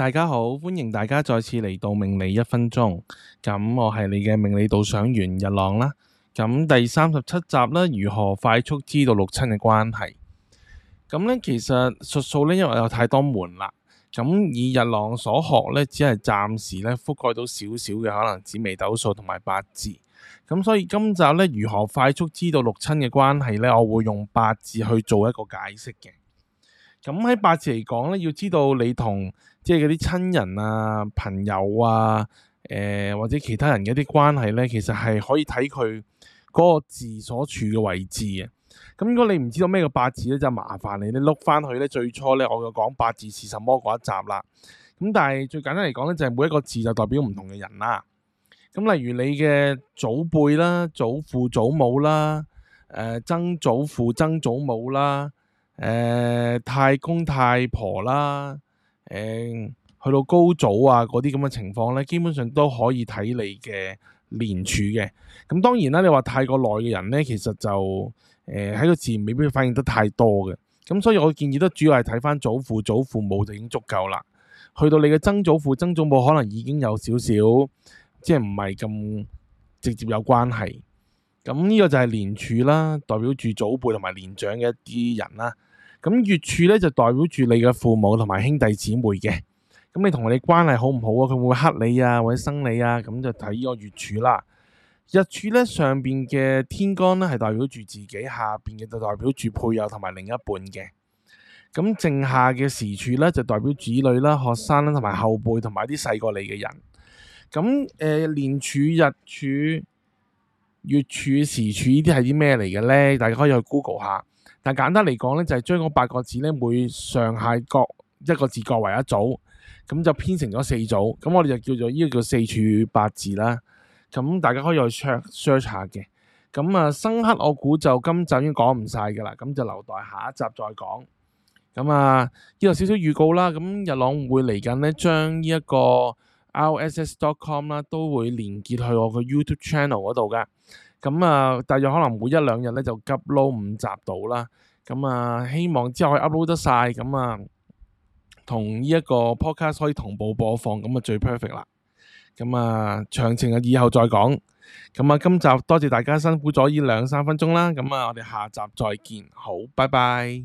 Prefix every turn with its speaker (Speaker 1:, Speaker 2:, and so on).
Speaker 1: 大家好，歡迎大家再次嚟到命理一分鐘，咁我係你嘅命理導賞員日朗啦，咁第三十七集呢，如何快速知道六親嘅關係？咁呢，其實術數呢，因為有太多門啦，咁以日朗所學呢，只係暫時呢，覆蓋到少少嘅，可能紫微斗數同埋八字，咁所以今集呢，如何快速知道六親嘅關係呢？我會用八字去做一個解釋嘅。咁喺八字嚟講咧，要知道你同即係嗰啲親人啊、朋友啊、誒、呃、或者其他人嘅一啲關係咧，其實係可以睇佢嗰個字所處嘅位置嘅。咁如果你唔知道咩叫八字咧，就麻煩你你碌翻去咧最初咧，我有講八字是什麼嗰一集啦。咁但係最簡單嚟講咧，就係、是、每一個字就代表唔同嘅人啦。咁例如你嘅祖輩啦、祖父、祖母啦、誒、呃、曾祖父、曾祖母啦。誒、呃、太公太婆啦，誒、呃、去到高祖啊嗰啲咁嘅情況咧，基本上都可以睇你嘅年柱嘅。咁、嗯、當然啦，你話太過耐嘅人咧，其實就誒喺、呃、個字未必反映得太多嘅。咁、嗯、所以我建議都主要係睇翻祖父、祖父母就已經足夠啦。去到你嘅曾祖父、曾祖母，可能已經有少少，即係唔係咁直接有關係。咁、嗯、呢、這個就係年柱啦，代表住祖輩同埋年長嘅一啲人啦。咁月柱咧就代表住你嘅父母同埋兄弟姊妹嘅，咁你同你關係好唔好啊？佢會唔會剋你啊？或者生你啊？咁就睇依個月柱啦。日柱咧上邊嘅天干咧，係代表住自己，下邊嘅就代表住配偶同埋另一半嘅。咁剩下嘅時柱咧就代表子女啦、學生啦、同埋後輩同埋啲細過你嘅人。咁誒，年柱、日柱、月柱、時柱呢啲係啲咩嚟嘅咧？大家可以去 Google 下。但簡單嚟講咧，就係、是、將嗰八個字咧，每上下各一個字，各為一組，咁就編成咗四組，咁我哋就叫做呢、這個叫四柱八字啦。咁大家可以去 search search 下嘅。咁啊，生剋我估就今集已經講唔晒噶啦，咁就留待下一集再講。咁啊，呢個少少預告啦。咁日朗會嚟緊咧，將呢一個 rss dot com 啦，都會連結去我個 YouTube channel 嗰度嘅。咁啊，大約可能每一兩日咧就急 load 五集到啦。咁啊，希望之後可以 upload 得晒。咁啊，同呢一個 podcast 可以同步播放，咁啊，最 perfect 啦。咁啊，詳情啊以後再講。咁啊，今集多謝大家辛苦咗呢兩三分鐘啦。咁啊，我哋下集再見。好，拜拜。